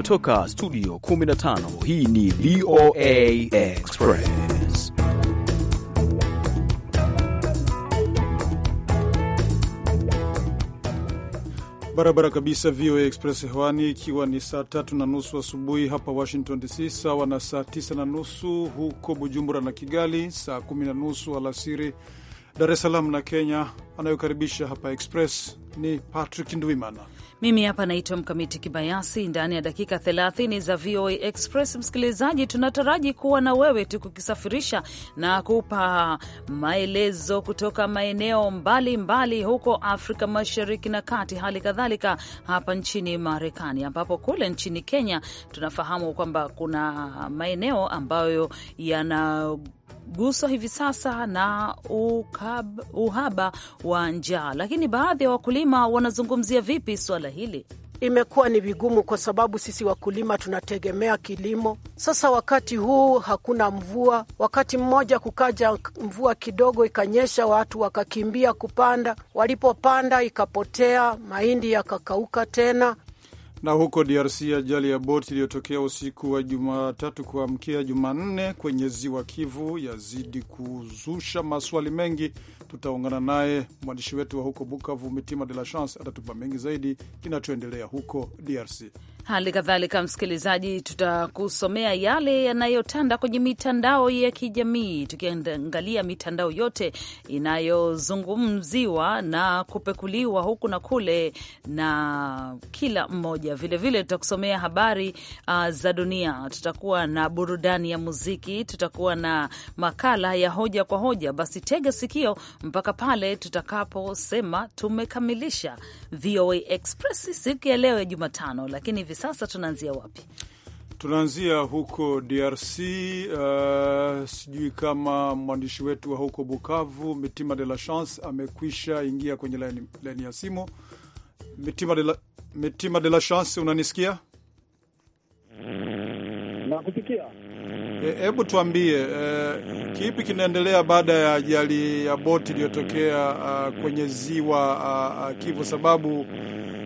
kutoka studio 15 hii ni VOA Express barabara kabisa VOA Express hewani ikiwa ni saa tatu na nusu asubuhi wa hapa Washington DC, sawa na saa tisa na nusu huko Bujumbura na Kigali, saa kumi na nusu alasiri Dar es Salaam na Kenya. Anayokaribisha hapa Express ni Patrick Ndwimana. Mimi hapa naitwa Mkamiti Kibayasi. Ndani ya dakika 30 za VOA Express, msikilizaji, tunataraji kuwa na wewe tu kukisafirisha na kupa maelezo kutoka maeneo mbalimbali mbali huko Afrika Mashariki na Kati, hali kadhalika hapa nchini Marekani, ambapo kule nchini Kenya tunafahamu kwamba kuna maeneo ambayo yana guswa hivi sasa na uhaba wa njaa, lakini baadhi ya wakulima wakulima wanazungumzia vipi swala hili? Imekuwa ni vigumu kwa sababu sisi wakulima tunategemea kilimo. Sasa wakati huu hakuna mvua, wakati mmoja kukaja mvua kidogo ikanyesha, watu wakakimbia kupanda, walipopanda ikapotea, mahindi yakakauka tena. Na huko DRC, ajali ya boti iliyotokea usiku wa Jumatatu kuamkia Jumanne kwenye ziwa Kivu yazidi kuzusha maswali mengi. Tutaungana naye mwandishi wetu wa huko Bukavu, Mitima De La Chance, atatupa mengi zaidi kinachoendelea huko DRC. Hali kadhalika, msikilizaji, tutakusomea yale yanayotanda kwenye mitandao ya kijamii, tukiangalia mitandao yote inayozungumziwa na kupekuliwa huku na kule na kila mmoja. Vilevile tutakusomea habari uh, za dunia, tutakuwa na burudani ya muziki, tutakuwa na makala ya hoja kwa hoja. Basi tega sikio mpaka pale tutakaposema tumekamilisha VOA Express siku ya leo ya Jumatano, lakini sasa tunaanzia wapi? Tunaanzia huko DRC. Uh, sijui kama mwandishi wetu wa huko Bukavu Mitima de la Chance amekwisha ingia kwenye laini, ya simu. Mitima de la, Mitima de la Chance, unanisikia? Nakusikia. E, hebu e, tuambie e, kipi kinaendelea baada ya ajali ya boti iliyotokea uh, kwenye ziwa a, uh, a, Kivu sababu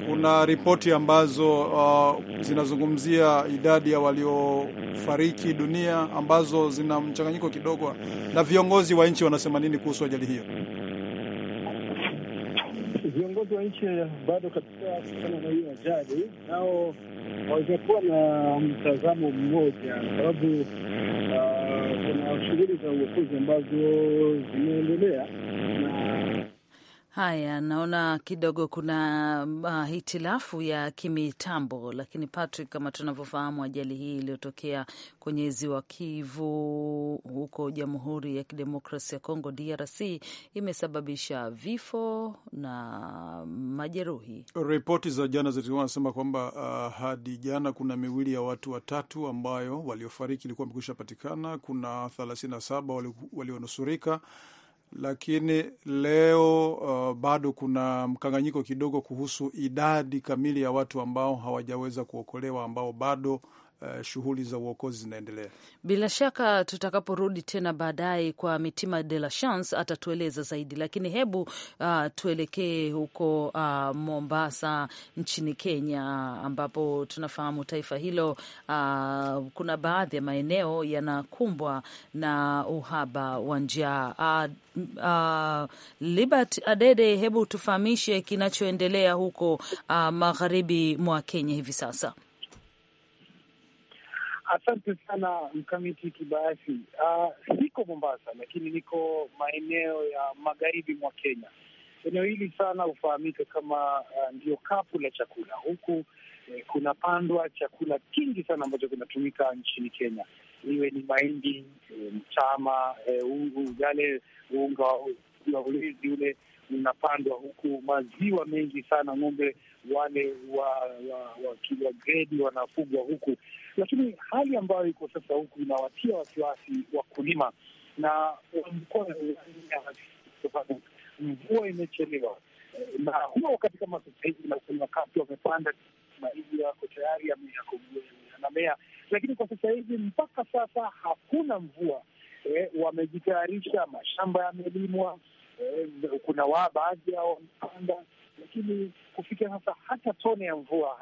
kuna ripoti ambazo uh, zinazungumzia idadi ya waliofariki dunia ambazo zina mchanganyiko kidogo, na viongozi wa nchi wanasema nini kuhusu ajali hiyo? Viongozi wa nchi bado katika kutokana na hiyo ajali, nao hawajakuwa na mtazamo mmoja, sababu uh, kuna shughuli za uokozi ambazo zimeendelea na Haya, naona kidogo kuna uh, hitilafu ya kimitambo, lakini Patrick, kama tunavyofahamu, ajali hii iliyotokea kwenye ziwa Kivu huko Jamhuri ya Kidemokrasi ya Kongo, DRC, imesababisha vifo na majeruhi. Ripoti za jana zilikuwa nasema kwamba uh, hadi jana kuna miwili ya watu watatu ambayo waliofariki ilikuwa amekusha patikana, kuna 37 walionusurika wali lakini leo uh, bado kuna mkanganyiko kidogo kuhusu idadi kamili ya watu ambao hawajaweza kuokolewa ambao bado Eh, shughuli za uokozi zinaendelea. Bila shaka tutakaporudi tena baadaye kwa Mitima de la Chance atatueleza zaidi, lakini hebu uh, tuelekee huko uh, Mombasa nchini Kenya, ambapo tunafahamu taifa hilo uh, kuna baadhi ya maeneo yanakumbwa na uhaba wa njaa uh, Uh, Libert Adede, hebu tufahamishe kinachoendelea huko uh, magharibi mwa Kenya hivi sasa. Asante sana mkamiti Kibayasi. Uh, siko Mombasa, lakini niko maeneo ya magharibi mwa Kenya. Eneo hili sana hufahamika kama uh, ndio kapu la chakula. Huku eh, pandwa chakula kingi sana ambacho kinatumika nchini Kenya, iwe ni mahindi, eh, mchama eh, ungu, yale unga wa ulezi ule unapandwa huku, maziwa mengi sana, ng'ombe wale wa wa, wa, wa gredi wanafugwa huku lakini hali ambayo iko sasa huku inawatia wasiwasi wakulima na mvua imechelewa, na huwa wakati kama sasa hivi wakati wamepanda mahindi yako tayari yanamea, lakini kwa sasa hivi mpaka sasa hakuna mvua. E, wamejitayarisha, mashamba yamelimwa, e, kuna waa baadhi yao wamepanda lakini kufikia sasa hata tone ya mvua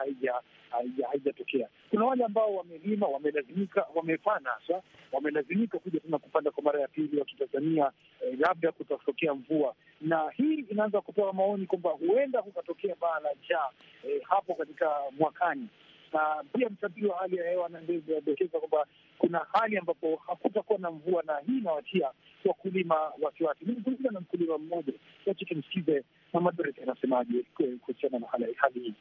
haijatokea. Kuna wale ambao wamelima, wamelazimika, wamepana hasa wamelazimika kuja tena kupanda kwa mara ya pili wakitazamia eh, labda kutatokea mvua, na hii inaanza kutoa maoni kwamba huenda kukatokea baa la njaa eh, hapo katika mwakani na pia mtabiri wa hali ya hewa anadokeza kwamba kuna hali ambapo hakutakuwa na mvua, na hii inawatia wakulima wasiwasi. Nimezungumza na mkulima mmoja, wacha tumsikize Mama Dorothy anasemaje kuhusiana na hali hii.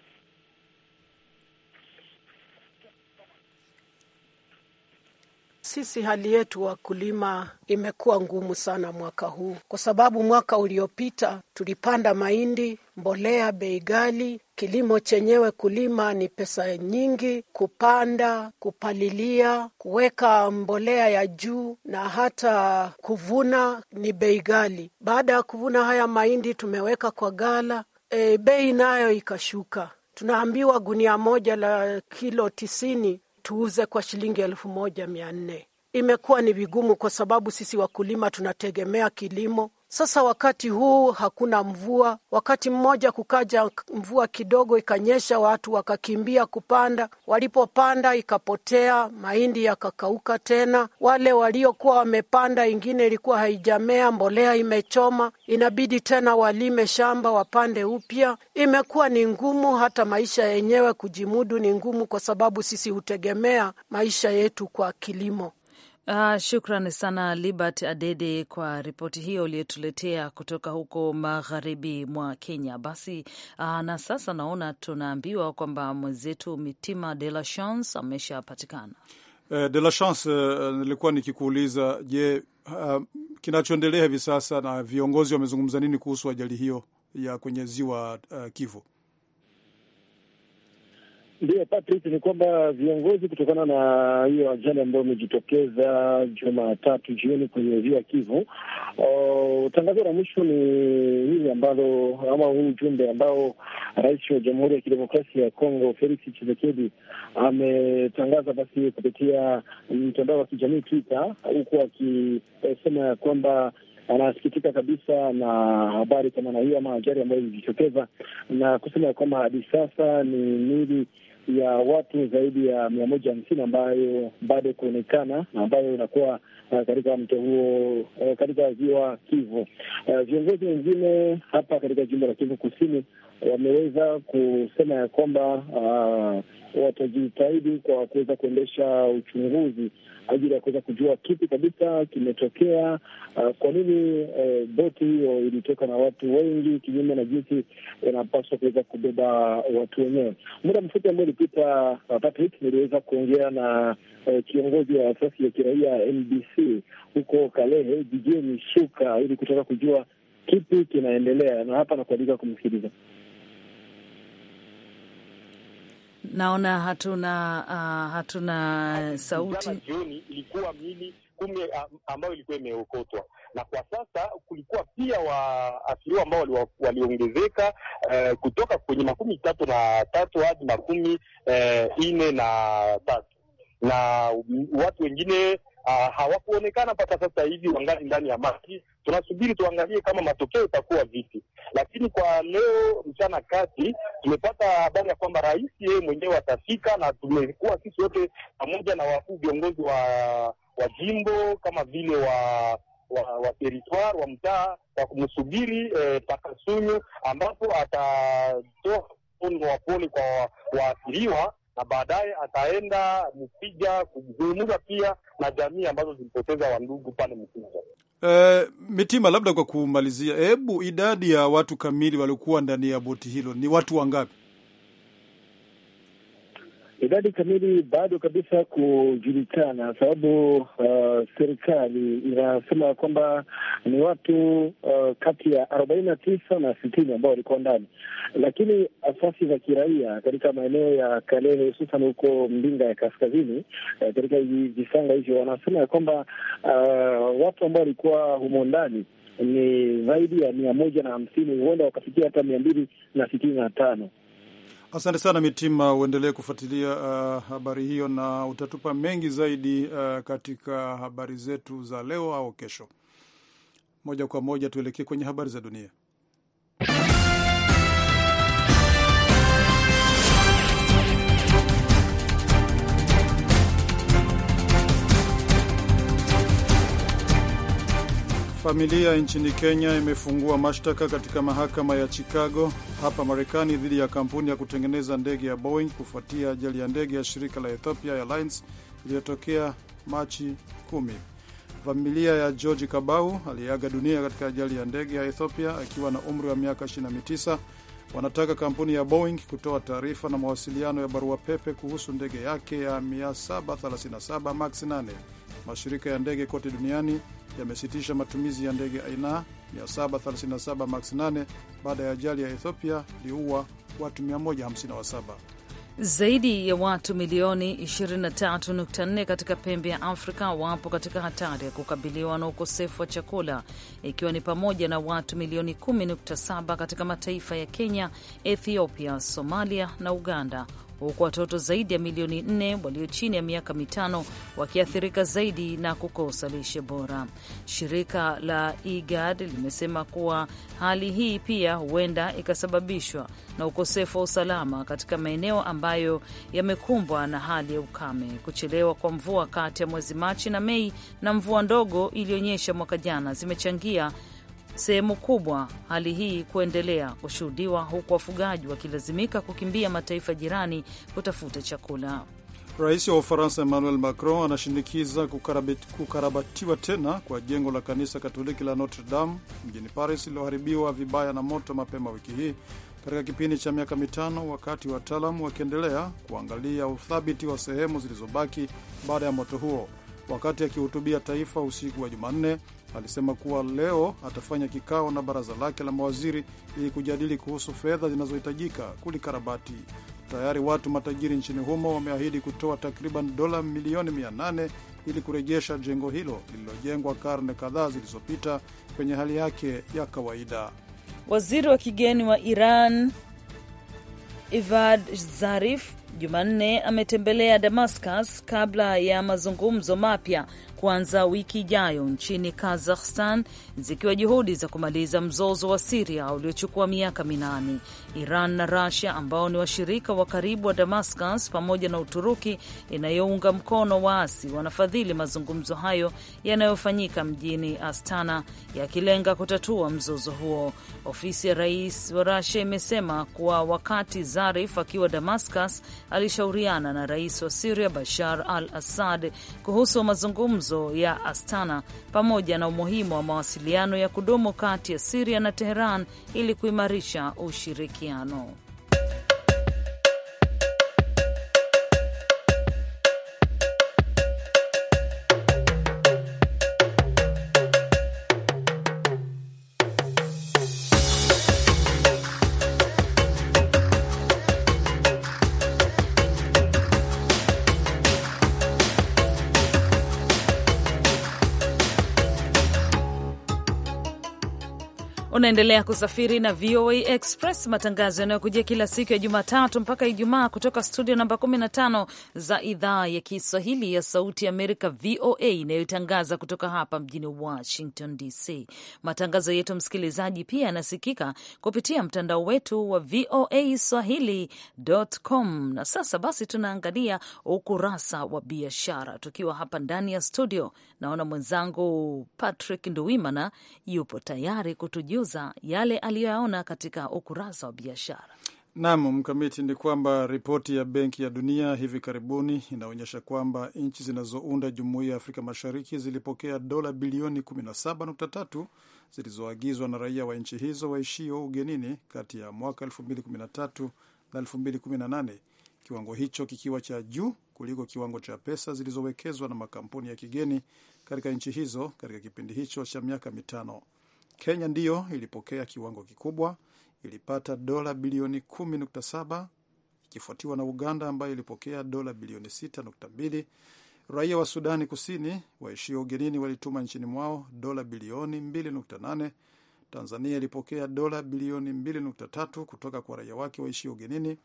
sisi hali yetu wakulima imekuwa ngumu sana mwaka huu, kwa sababu mwaka uliopita tulipanda mahindi, mbolea bei ghali, kilimo chenyewe kulima ni pesa nyingi, kupanda, kupalilia, kuweka mbolea ya juu na hata kuvuna ni bei ghali. Baada ya kuvuna haya mahindi tumeweka kwa ghala, e, bei nayo ikashuka. Tunaambiwa gunia moja la kilo tisini tuuze kwa shilingi elfu moja mia nne. Imekuwa ni vigumu kwa sababu sisi wakulima tunategemea kilimo sasa wakati huu hakuna mvua. Wakati mmoja kukaja mvua kidogo ikanyesha, watu wakakimbia kupanda. Walipopanda ikapotea, mahindi yakakauka tena. Wale waliokuwa wamepanda, ingine ilikuwa haijamea, mbolea imechoma, inabidi tena walime shamba, wapande upya. Imekuwa ni ngumu, hata maisha yenyewe kujimudu ni ngumu, kwa sababu sisi hutegemea maisha yetu kwa kilimo. Uh, shukrani sana Libert Adede kwa ripoti hiyo uliyotuletea kutoka huko magharibi mwa Kenya. Basi uh, na sasa naona tunaambiwa kwamba mwenzetu Mitima de la Chance ameshapatikana. Uh, de la Chance, uh, nilikuwa nikikuuliza, je, uh, kinachoendelea hivi sasa na viongozi wamezungumza nini kuhusu ajali hiyo ya kwenye ziwa uh, Kivu? Ndiyo Patrick, ni kwamba viongozi kutokana na hiyo ajali ambayo imejitokeza Jumatatu jioni kwenye ziwa Kivu, tangazo la mwisho ni hili ambalo, ama huu ujumbe ambao rais wa Jamhuri ya Kidemokrasia ya Kongo Felix Tshisekedi ametangaza basi kupitia mtandao wa kijamii Twitter, huku akisema ya kwamba anasikitika kabisa na habari kama na hiyo ama ajali ambayo imejitokeza na kusema ya kwamba hadi sasa ni mili ya watu zaidi ya mia moja hamsini ambayo bado kuonekana ambayo inakuwa uh, katika mto huo uh, katika ziwa Kivu. Uh, viongozi wengine hapa katika jimbo la Kivu Kusini wameweza kusema ya kwamba uh, watajitahidi kwa kuweza kuendesha uchunguzi ajili ya kuweza kujua kipi kabisa kimetokea, uh, kwa nini uh, boti hiyo ilitoka na watu wengi kinyume na jinsi wanapaswa kuweza kubeba watu wenyewe. Muda mfupi ambao ulipita, uh, Patrick, niliweza kuongea na uh, kiongozi wa asasi ya kiraia MBC huko Kalehe jijini Shuka ili kutaka kujua kipi kinaendelea, na hapa nakualika kumsikiliza naona hatuna uh, hatuna sauti. jioni ilikuwa mili kumi ah, ambayo ilikuwa imeokotwa, na kwa sasa kulikuwa pia waathiriwa ambao waliongezeka wali uh, eh, kutoka kwenye makumi tatu na tatu hadi makumi uh, eh, nne na tatu na watu wengine Ah, hawakuonekana mpaka sasa hivi, wangali ndani ya maji. Tunasubiri tuangalie kama matokeo itakuwa vipi, lakini kwa leo mchana kati tumepata habari ya kwamba rais yeye mwenyewe atafika, na tumekuwa sisi wote pamoja na wakuu viongozi wa wa jimbo kama vile wa wa wa wa, wa mtaa kwa kumsubiri eh, pakasunyu ambapo atatoa mkono wa pole kwa waathiriwa na baadaye ataenda mpija kuzungumza pia na jamii ambazo zilipoteza wandugu pale Mupija. E, eh, Mitima, labda kwa kumalizia, hebu idadi ya watu kamili waliokuwa ndani ya boti hilo ni watu wangapi? Idadi kamili bado kabisa kujulikana, sababu uh, serikali inasema kwamba ni watu uh, kati ya arobaini na tisa na sitini ambao walikuwa ndani, lakini asasi za kiraia katika maeneo ya Kalehe hususan huko Mbinga ya kaskazini uh, katika visanga hivyo wanasema ya kwamba uh, watu ambao walikuwa humo ndani ni zaidi ya mia moja na hamsini huenda wakafikia hata mia mbili na sitini na tano. Asante sana Mitima, uendelee kufuatilia uh, habari hiyo na utatupa mengi zaidi uh, katika habari zetu za leo au kesho. Moja kwa moja tuelekee kwenye habari za dunia. Familia nchini Kenya imefungua mashtaka katika mahakama ya Chicago hapa Marekani dhidi ya kampuni ya kutengeneza ndege ya Boeing kufuatia ajali ya ndege ya shirika la Ethiopia Airlines iliyotokea Machi 10. Familia ya George Kabau aliyeaga dunia katika ajali ya ndege ya Ethiopia akiwa na umri wa miaka 29 wanataka kampuni ya Boeing kutoa taarifa na mawasiliano ya barua pepe kuhusu ndege yake ya 737 max 8. Mashirika ya ndege kote duniani yamesitisha matumizi ya ndege aina 737 max 8 baada ya ajali ya Ethiopia iliua watu 157. Zaidi ya watu milioni 23.4 katika pembe ya Afrika wapo katika hatari ya kukabiliwa na ukosefu wa chakula, ikiwa ni pamoja na watu milioni 10.7 katika mataifa ya Kenya, Ethiopia, Somalia na Uganda huku watoto zaidi ya milioni nne walio chini ya miaka mitano wakiathirika zaidi na kukosa lishe bora. Shirika la IGAD limesema kuwa hali hii pia huenda ikasababishwa na ukosefu wa usalama katika maeneo ambayo yamekumbwa na hali ya ukame, kuchelewa kwa mvua kati ya mwezi Machi na Mei na mvua ndogo iliyonyesha mwaka jana zimechangia sehemu kubwa hali hii kuendelea kushuhudiwa huku wafugaji wakilazimika kukimbia mataifa jirani kutafuta chakula. Rais wa Ufaransa Emmanuel Macron anashinikiza kukarabatiwa tena kwa jengo la kanisa Katoliki la Notre Dame mjini Paris lililoharibiwa vibaya na moto mapema wiki hii katika kipindi cha miaka mitano, wakati wataalam wakiendelea kuangalia uthabiti wa sehemu zilizobaki baada ya moto huo. Wakati akihutubia taifa usiku wa Jumanne, alisema kuwa leo atafanya kikao na baraza lake la mawaziri ili kujadili kuhusu fedha zinazohitajika kulikarabati. Tayari watu matajiri nchini humo wameahidi kutoa takriban dola milioni 800 ili kurejesha jengo hilo lililojengwa karne kadhaa zilizopita kwenye hali yake ya kawaida. Waziri wa kigeni wa Iran ivad Zarif Jumanne ametembelea Damascus kabla ya mazungumzo mapya kuanza wiki ijayo nchini Kazakhstan, zikiwa juhudi za kumaliza mzozo wa Siria uliochukua miaka minane. Iran na rasia ambao ni washirika wa karibu wa Damascus pamoja na Uturuki inayounga mkono waasi wanafadhili mazungumzo hayo yanayofanyika mjini Astana yakilenga kutatua mzozo huo. Ofisi ya rais wa Rasia imesema kuwa wakati Zarif akiwa Damascus alishauriana na rais wa Siria Bashar al Assad kuhusu mazungumzo mazungumzo ya Astana pamoja na umuhimu wa mawasiliano ya kudumu kati ya Siria na Teheran ili kuimarisha ushirikiano. Unaendelea kusafiri na VOA Express, matangazo yanayokujia kila siku ya Jumatatu mpaka Ijumaa kutoka studio namba 15 za idhaa ya Kiswahili ya Sauti Amerika, VOA, inayotangaza kutoka hapa mjini Washington DC. Matangazo yetu, msikilizaji, pia yanasikika kupitia mtandao wetu wa VOA Swahili.com. Na sasa basi, tunaangalia ukurasa wa biashara tukiwa hapa ndani ya studio. Naona mwenzangu Patrick Nduwimana yupo tayari kutujuza kutueleza yale aliyoyaona katika ukurasa wa biashara. Naam, Mkamiti, ni kwamba ripoti ya Benki ya Dunia hivi karibuni inaonyesha kwamba nchi zinazounda Jumuiya ya Afrika Mashariki zilipokea dola bilioni 17.3 zilizoagizwa na raia wa nchi hizo waishio ugenini kati ya mwaka 2013 na 2018, kiwango hicho kikiwa cha juu kuliko kiwango cha pesa zilizowekezwa na makampuni ya kigeni katika nchi hizo katika kipindi hicho cha miaka mitano. Kenya ndiyo ilipokea kiwango kikubwa, ilipata dola bilioni 10.7 ikifuatiwa na Uganda ambayo ilipokea dola bilioni 6.2. Raia wa Sudani Kusini waishio ugenini walituma nchini mwao dola bilioni 2.8. Tanzania ilipokea dola bilioni 2.3 kutoka kwa raia wake waishio ugenini.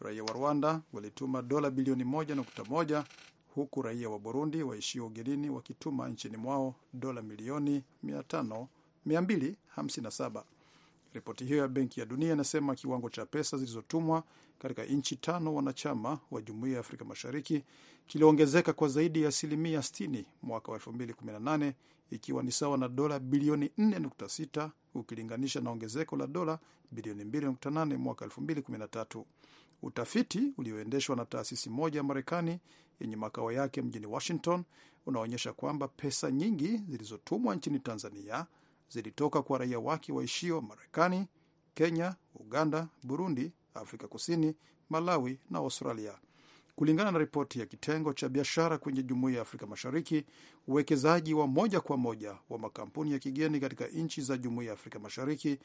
Raia wa Rwanda walituma dola bilioni 1.1, huku raia wa Burundi waishio ugenini wakituma nchini mwao dola milioni 257. Ripoti hiyo ya Benki ya Dunia inasema kiwango cha pesa zilizotumwa katika nchi tano wanachama wa Jumuiya ya Afrika Mashariki kiliongezeka kwa zaidi ya asilimia 60 mwaka wa 2018 ikiwa ni sawa na dola bilioni 4.6 ukilinganisha na ongezeko la dola bilioni 2.8 mwaka 2013. Utafiti ulioendeshwa na taasisi moja ya Marekani yenye makao yake mjini Washington unaonyesha kwamba pesa nyingi zilizotumwa nchini Tanzania zilitoka kwa raia wake waishio Marekani, Kenya, Uganda, Burundi, Afrika Kusini, Malawi na Australia. Kulingana na ripoti ya kitengo cha biashara kwenye jumuiya ya Afrika Mashariki, uwekezaji wa moja kwa moja wa makampuni ya kigeni katika nchi za jumuiya ya Afrika Mashariki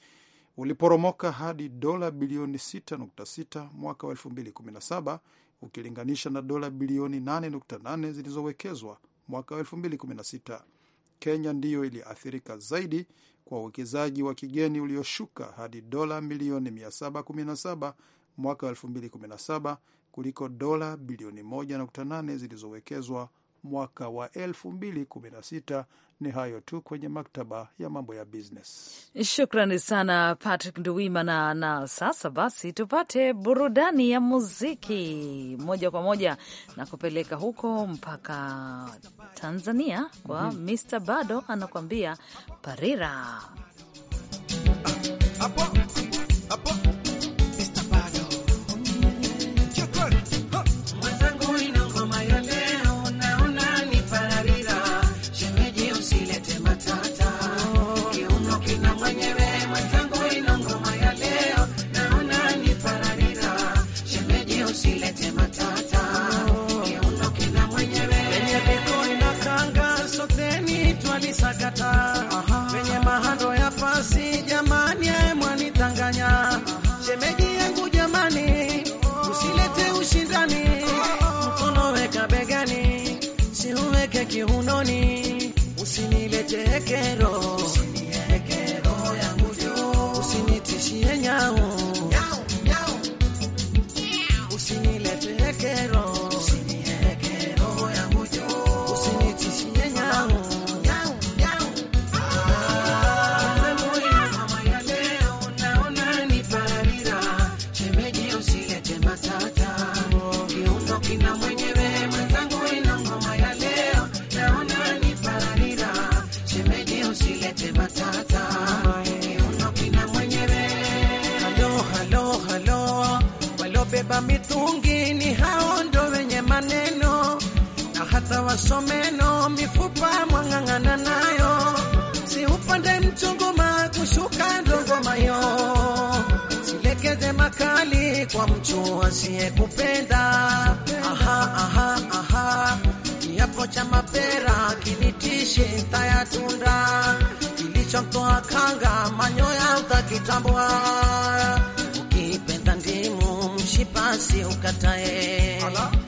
uliporomoka hadi dola bilioni 6.6 mwaka wa 2017 ukilinganisha na dola bilioni 8.8 zilizowekezwa mwaka wa 2016. Kenya ndiyo iliathirika zaidi kwa uwekezaji wa kigeni ulioshuka hadi dola milioni 717 mwaka 2017 kuliko dola bilioni 1.8 zilizowekezwa mwaka wa ni hayo tu kwenye maktaba ya mambo ya business. Shukrani sana Patrick Nduwimana. Na sasa basi tupate burudani ya muziki moja kwa moja na kupeleka huko mpaka Tanzania kwa mm -hmm. Mr Bado anakuambia parira chequero. Msomeno mifupa mwang'ang'ana nayo, si upande mchunguma kushuka Ndogomayo, silekeze makali kwa mtu asiyekupenda. Aha, aha, aha, kiapo cha mapera kinitishi tayatunda, kilichotoa kanga manyoya utakitambua ukipenda ndimu mshipasi ukatae Ala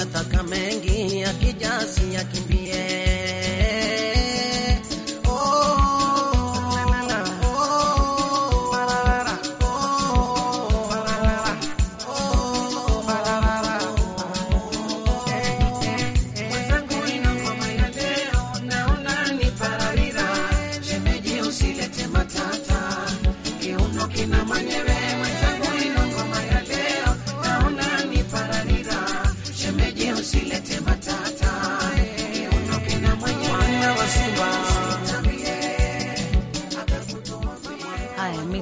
hata kama mengi akijasi akimbie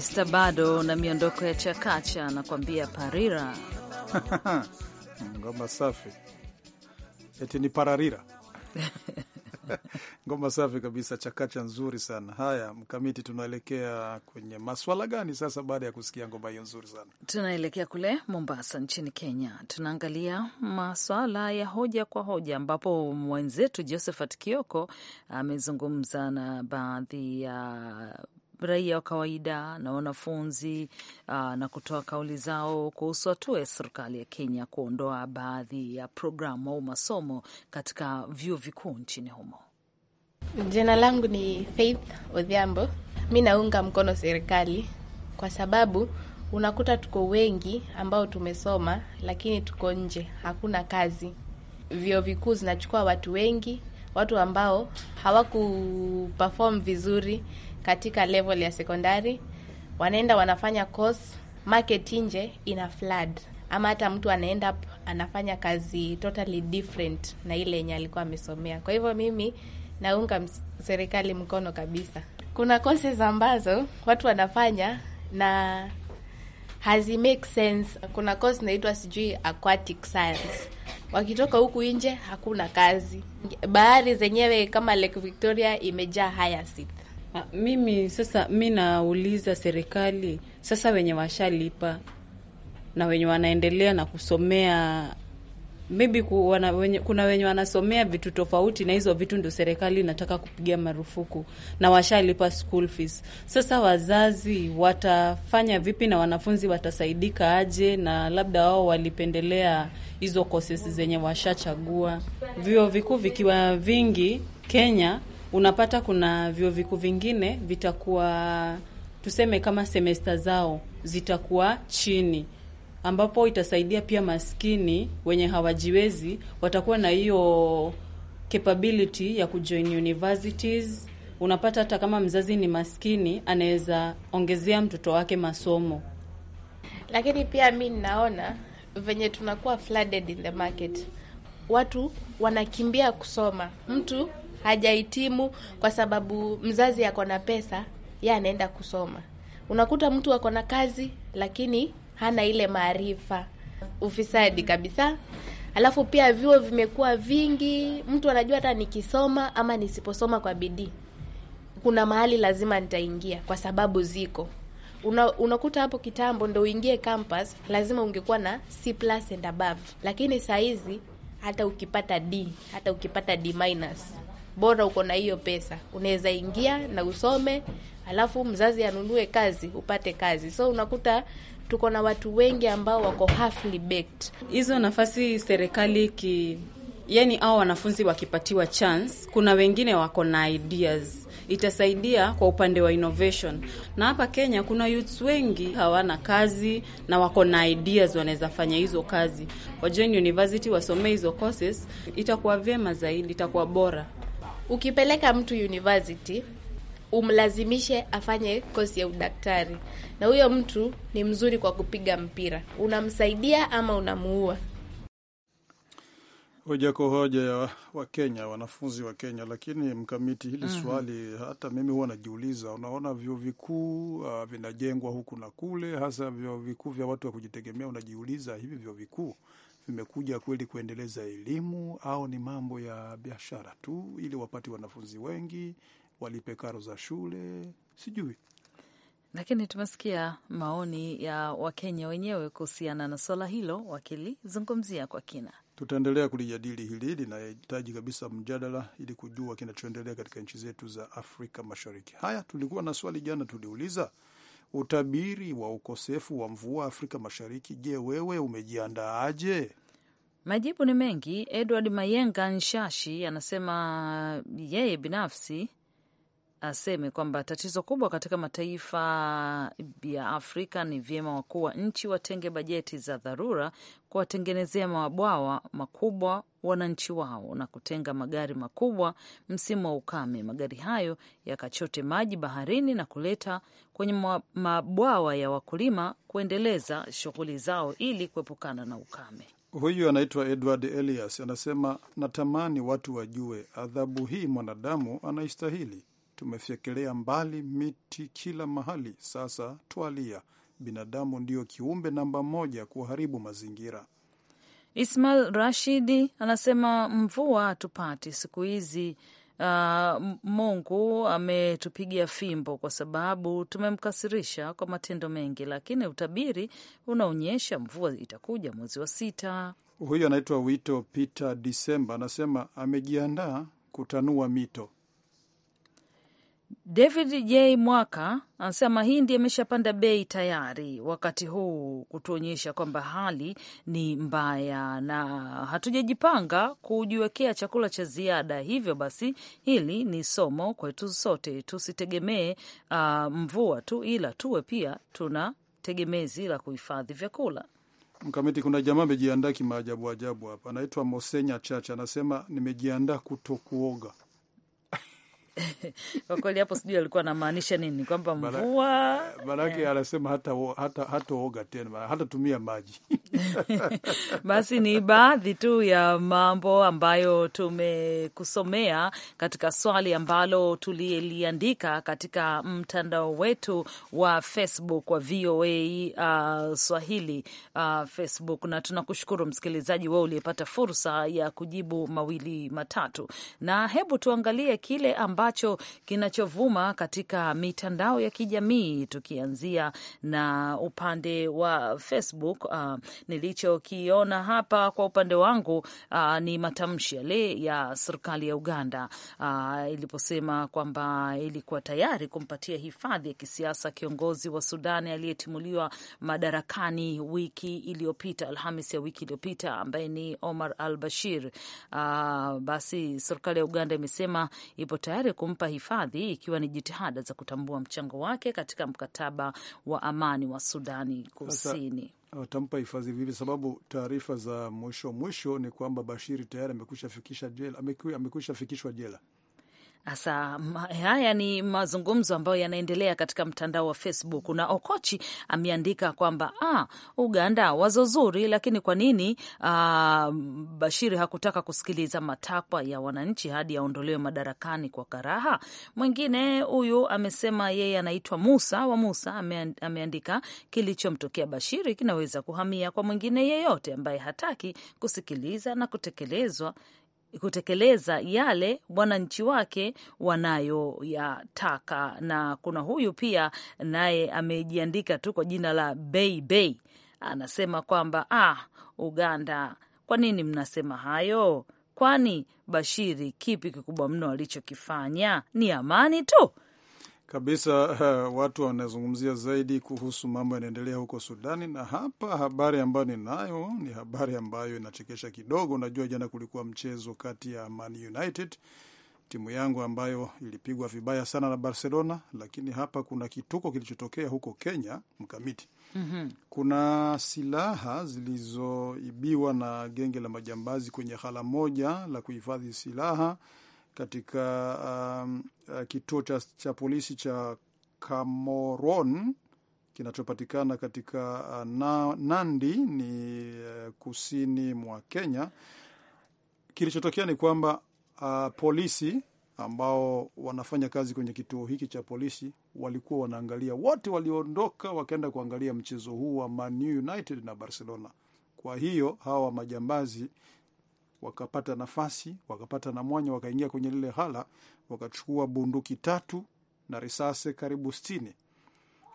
Esta bado na miondoko ya chakacha anakuambia parira ngoma safi, eti ni pararira ngoma safi kabisa, chakacha nzuri sana. Haya, Mkamiti, tunaelekea kwenye maswala gani sasa baada ya kusikia ngoma hiyo nzuri sana? Tunaelekea kule Mombasa nchini Kenya, tunaangalia maswala ya hoja kwa hoja, ambapo mwenzetu Josephat Kioko amezungumza na baadhi ya raia wa kawaida na wanafunzi uh, na kutoa kauli zao kuhusu hatua ya serikali ya Kenya kuondoa baadhi ya programu au masomo katika vyuo vikuu nchini humo. Jina langu ni Faith Odhiambo. Mi naunga mkono serikali kwa sababu unakuta tuko wengi ambao tumesoma lakini tuko nje, hakuna kazi. Vyuo vikuu zinachukua watu wengi, watu ambao hawakuperform vizuri katika level ya sekondari, wanaenda wanafanya course, market nje ina flood, ama hata mtu anaenda anafanya kazi totally different na ile yenye alikuwa amesomea. Kwa hivyo mimi naunga serikali mkono kabisa. Kuna courses ambazo watu wanafanya na hazi make sense. Kuna course inaitwa sijui aquatic science, wakitoka huku nje hakuna kazi. Bahari zenyewe kama Lake Victoria imejaa hyacinth Ha, ah, mimi sasa mi nauliza serikali sasa, wenye washalipa na wenye wanaendelea na kusomea maybe ku, wana, wenye, kuna wenye wanasomea vitu tofauti na hizo vitu ndio serikali inataka kupigia marufuku na washalipa school fees. Sasa wazazi watafanya vipi na wanafunzi watasaidika aje? Na labda wao walipendelea hizo courses zenye washachagua. Vyuo vikuu vikiwa vingi Kenya unapata kuna vyuo vikuu vingine vitakuwa tuseme kama semesta zao zitakuwa chini, ambapo itasaidia pia maskini wenye hawajiwezi watakuwa na hiyo capability ya kujoin universities. Unapata hata kama mzazi ni maskini anaweza ongezea mtoto wake masomo. Lakini pia mi ninaona venye tunakuwa flooded in the market, watu wanakimbia kusoma mtu hajahitimu, kwa sababu mzazi ako na pesa, yeye anaenda kusoma. Unakuta mtu ako na kazi lakini hana ile maarifa. Ufisadi kabisa. Alafu pia vyuo vimekuwa vingi, mtu anajua hata nikisoma ama nisiposoma kwa bidii, kuna mahali lazima nitaingia, kwa sababu ziko Una, unakuta hapo kitambo ndo uingie campus lazima ungekuwa na C plus and above, lakini saa hizi hata ukipata D hata ukipata D minus bora uko na hiyo pesa, unaweza ingia na usome, alafu mzazi anunue kazi, upate kazi. So unakuta tuko na watu wengi ambao wako halfly baked. Hizo nafasi serikali ki yani, au wanafunzi wakipatiwa chance, kuna wengine wako na ideas itasaidia kwa upande wa innovation. Na hapa Kenya kuna youths wengi hawana kazi na wako na ideas, wanaweza fanya hizo kazi, wajoin university, wasomee hizo courses, itakuwa vyema zaidi, itakuwa bora ukipeleka mtu university umlazimishe afanye kosi ya udaktari, na huyo mtu ni mzuri kwa kupiga mpira, unamsaidia ama unamuua? Hoja kwa hoja ya Wakenya, wanafunzi wa Kenya. Lakini mkamiti hili mm -hmm. swali hata mimi huwa najiuliza. Unaona vyuo vikuu uh, vinajengwa huku na kule, hasa vyuo vikuu vya watu wa kujitegemea. Unajiuliza, hivi vyuo vikuu vimekuja kweli kuendeleza elimu au ni mambo ya biashara tu ili wapate wanafunzi wengi walipe karo za shule sijui. Lakini tumesikia maoni ya Wakenya wenyewe kuhusiana na swala hilo wakilizungumzia kwa kina. Tutaendelea kulijadili hili, linahitaji kabisa mjadala ili kujua kinachoendelea katika nchi zetu za Afrika Mashariki. Haya, tulikuwa na swali jana tuliuliza utabiri wa ukosefu wa mvua Afrika Mashariki. Je, wewe umejiandaaje? Majibu ni mengi. Edward Mayenga Nshashi anasema yeye binafsi aseme kwamba tatizo kubwa katika mataifa ya Afrika ni vyema wakuu wa nchi watenge bajeti za dharura kuwatengenezea mabwawa makubwa wananchi wao na kutenga magari makubwa msimu wa ukame, magari hayo yakachote maji baharini na kuleta kwenye mabwawa ya wakulima kuendeleza shughuli zao ili kuepukana na ukame. Huyu anaitwa Edward Elias, anasema natamani watu wajue adhabu hii mwanadamu anaistahili Tumefyekelea mbali miti kila mahali, sasa twalia. Binadamu ndiyo kiumbe namba moja kuharibu mazingira. Ismail Rashidi anasema mvua hatupati siku hizi. Uh, Mungu ametupigia fimbo kwa sababu tumemkasirisha kwa matendo mengi, lakini utabiri unaonyesha mvua itakuja mwezi wa sita. Huyu anaitwa Wito Peter Disemba, anasema amejiandaa kutanua mito. David J Mwaka anasema mahindi yameshapanda bei tayari, wakati huu kutuonyesha kwamba hali ni mbaya na hatujajipanga kujiwekea chakula cha ziada. Hivyo basi, hili ni somo kwetu sote, tusitegemee uh, mvua tu, ila tuwe pia tuna tegemezi la kuhifadhi vyakula. Mkamiti, kuna jamaa amejiandaa kimaajabu ajabu hapa, anaitwa Mosenya Chacha, anasema nimejiandaa kutokuoga Kwa kweli hapo sijui alikuwa anamaanisha nini, kwamba mvua maanake yeah. anasema hata, hata, hata oga tena hatatumia maji Basi ni baadhi tu ya mambo ambayo tumekusomea katika swali ambalo tuliliandika katika mtandao wetu wa Facebook wa VOA uh, Swahili uh, Facebook, na tunakushukuru msikilizaji wao uliyepata fursa ya kujibu mawili matatu, na hebu tuangalie kile ambacho ambacho kinachovuma katika mitandao ya kijamii, tukianzia na upande wa Facebook. Uh, nilichokiona hapa kwa upande wangu uh, ni matamshi yale ya serikali ya Uganda uh, iliposema kwamba ilikuwa tayari kumpatia hifadhi ya kisiasa kiongozi wa Sudani aliyetimuliwa madarakani wiki iliyopita, Alhamis ya wiki iliyopita, ambaye ni Omar al Bashir. Uh, basi serikali ya Uganda imesema ipo tayari kumpa hifadhi ikiwa ni jitihada za kutambua mchango wake katika mkataba wa amani wa Sudani Kusini. Watampa hifadhi vipi? Sababu taarifa za mwisho mwisho ni kwamba Bashiri tayari amekwisha fikisha jela, amekwisha fikishwa jela. Sasa haya ni mazungumzo ambayo yanaendelea katika mtandao wa Facebook na Okochi ameandika kwamba ah, Uganda wazo zuri, lakini kwa nini ah, Bashiri hakutaka kusikiliza matakwa ya wananchi hadi aondolewe madarakani kwa karaha? Mwingine huyu amesema yeye anaitwa Musa wa Musa, ameandika kilichomtokea Bashiri kinaweza kuhamia kwa mwingine yeyote ambaye hataki kusikiliza na kutekelezwa kutekeleza yale wananchi wake wanayoyataka. Na kuna huyu pia naye amejiandika tu kwa jina la Bei Bei, anasema kwamba ah, Uganda, kwa nini mnasema hayo? Kwani Bashiri kipi kikubwa mno alichokifanya? Ni amani tu kabisa. Uh, watu wanazungumzia zaidi kuhusu mambo yanaendelea huko Sudani, na hapa habari ambayo ninayo ni habari ambayo inachekesha kidogo. Unajua, jana kulikuwa mchezo kati ya Man United, timu yangu ambayo ilipigwa vibaya sana na Barcelona, lakini hapa kuna kituko kilichotokea huko Kenya mkamiti. mm -hmm. Kuna silaha zilizoibiwa na genge la majambazi kwenye hala moja la kuhifadhi silaha katika um, uh, kituo cha, cha polisi cha Kamoron kinachopatikana katika uh, na, Nandi ni uh, kusini mwa Kenya. Kilichotokea ni kwamba uh, polisi ambao wanafanya kazi kwenye kituo hiki cha polisi walikuwa wanaangalia, wote waliondoka wakaenda kuangalia mchezo huu wa Man United na Barcelona. Kwa hiyo hawa majambazi wakapata nafasi, wakapata na mwanya, wakaingia kwenye lile hala, wakachukua bunduki tatu na risasi karibu sitini.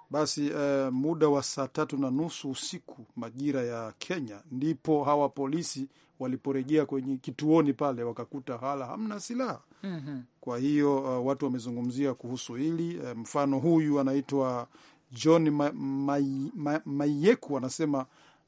Basi eh, muda wa saa tatu na nusu usiku majira ya Kenya ndipo hawa polisi waliporejea kwenye kituoni pale, wakakuta hala hamna silaha mm -hmm. Kwa hiyo uh, watu wamezungumzia kuhusu hili eh, mfano huyu anaitwa John Mayeku ma, ma, ma anasema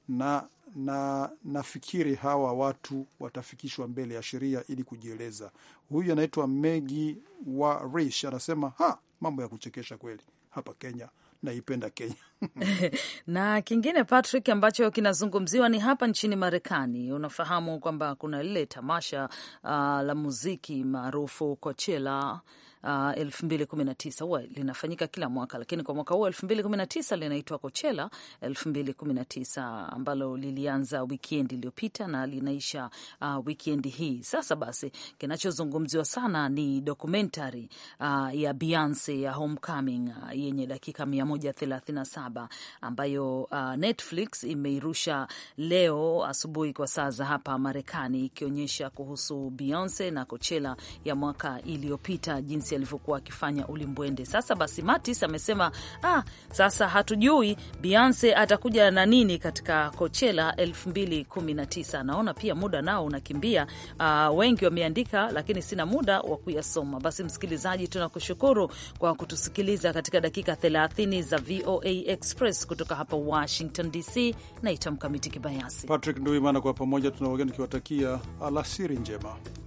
na na nafikiri hawa watu watafikishwa mbele ya sheria ili kujieleza. Huyu anaitwa Megi wa Rish anasema, ha, mambo ya kuchekesha kweli hapa Kenya. Naipenda Kenya. Na kingine Patrick, ambacho kinazungumziwa ni hapa nchini Marekani. Unafahamu kwamba kuna lile tamasha uh, la muziki maarufu Coachella uh, elfu mbili kumi na tisa huwa linafanyika kila mwaka, lakini kwa mwaka huu elfu mbili kumi na tisa linaitwa Coachella elfu mbili kumi na tisa ambalo lilianza wikendi iliyopita na linaisha uh, wikendi hii. Sasa basi, kinachozungumziwa sana ni dokumentari uh, ya Beyonce ya Homecoming uh, yenye dakika mia moja thelathini na saba ambayo uh, Netflix imeirusha leo asubuhi kwa saa za hapa Marekani, ikionyesha kuhusu Beyonce na Coachella ya mwaka iliyopita jinsi alivyokuwa akifanya ulimbwende. Sasa basi, Matis amesema ah, sasa hatujui Beyonce atakuja na nini katika Coachella 2019. Naona pia muda nao unakimbia. Uh, wengi wameandika, lakini sina muda wa kuyasoma. Basi msikilizaji, tunakushukuru kwa kutusikiliza katika dakika 30 za VOA Express kutoka hapa Washington DC. Naitwa Mkamiti Kibayasi, Patrick Nduimana, kwa pamoja tuna tukiwatakia alasiri njema.